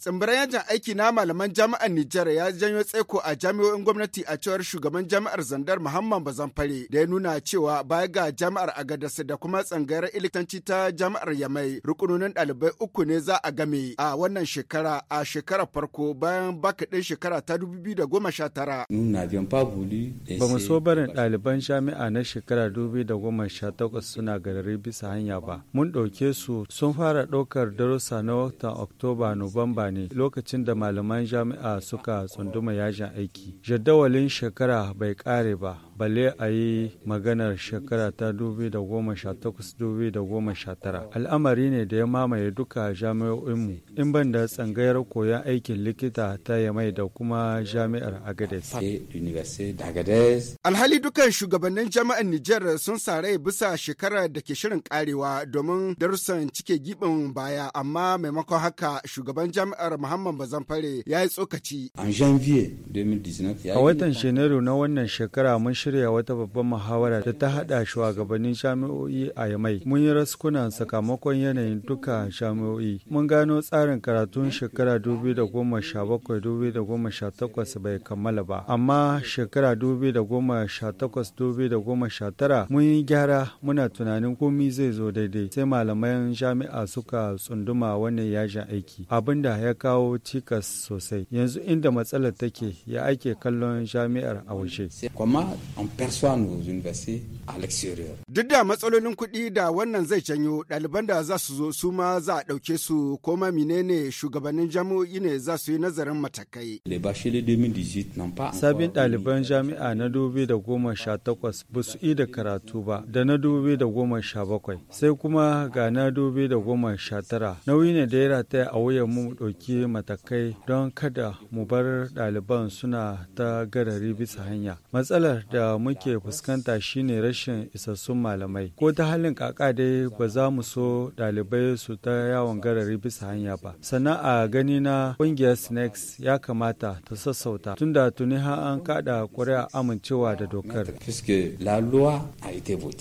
Tsimbirin yajin aiki na malaman jami'ar Nijar ya janyo tsaiko a jami'o'in gwamnati a cewar shugaban jami'ar Zandar Muhammad Bazamfare da ya nuna cewa baya ga jami'ar agadarsu da kuma tsangayar ilitanci ta jami'ar Yamai rukunonin ɗalibai uku ne za a game a wannan shekara a shekarar farko bayan bakaɗin shekara ta 2019. Ba mu so barin ɗaliban jami'a na shekara 2018 suna garari bisa hanya ba. Mun ɗauke su sun fara ɗaukar darussa na watan Oktoba Nuwamba ne lokacin da malaman jami'a suka tsunduma yajin aiki. Jadawalin shekara bai kare ba, bale a yi maganar shekara ta 2018-2019 al'amari ne da ya mamaye duka jami'o'inmu in ban da tsangayar koyon aikin likita ta yamai da kuma jami'ar agades alhali dukan shugabannin jami'ar nijar sun sarai bisa shekarar da ke shirin karewa domin darussan cike gibin baya amma maimakon haka shugaban jami'ar muhammad fare ya yi tsokaci a watan janairu na wannan shekara mun shirya shirya wata babban muhawara da ta haɗa shugabannin jami'o'i a Yamai. Mun yi raskunan sakamakon yanayin duka jami'o'i. Mun gano tsarin karatun shekara 2017-2018 bai kammala ba, amma shekara 2018-2019 mun yi gyara muna tunanin komi zai zo daidai sai malaman jami'a suka tsunduma wannan yajin aiki abin da ya kawo cikas sosai yanzu inda matsalar take ya ake kallon jami'ar a waje. an perçoit nos universités a l'extérieur. Duk da matsalolin kuɗi da wannan zai canyo ɗaliban da za su zo su ma za a ɗauke su ko ma menene shugabannin jami'o'i ne za su yi nazarin matakai. Sabin ɗaliban jami'a na dubi da goma sha takwas ba su da karatu ba da na dubi da goma sha bakwai sai kuma ga na dubi da goma sha tara nauyi ne da ya ta a wuyan mu ɗauki matakai don kada mu bar ɗaliban suna ta garari bisa hanya matsalar da da muke fuskanta shine rashin isassun malamai. Ko ta halin kaka dai ba za mu so dalibai su ta yawon garari bisa hanya ba. Sannan a gani na ƙungiyar snex ya kamata ta sassauta tunda tuni har an kada ƙuri'a amincewa da dokar. a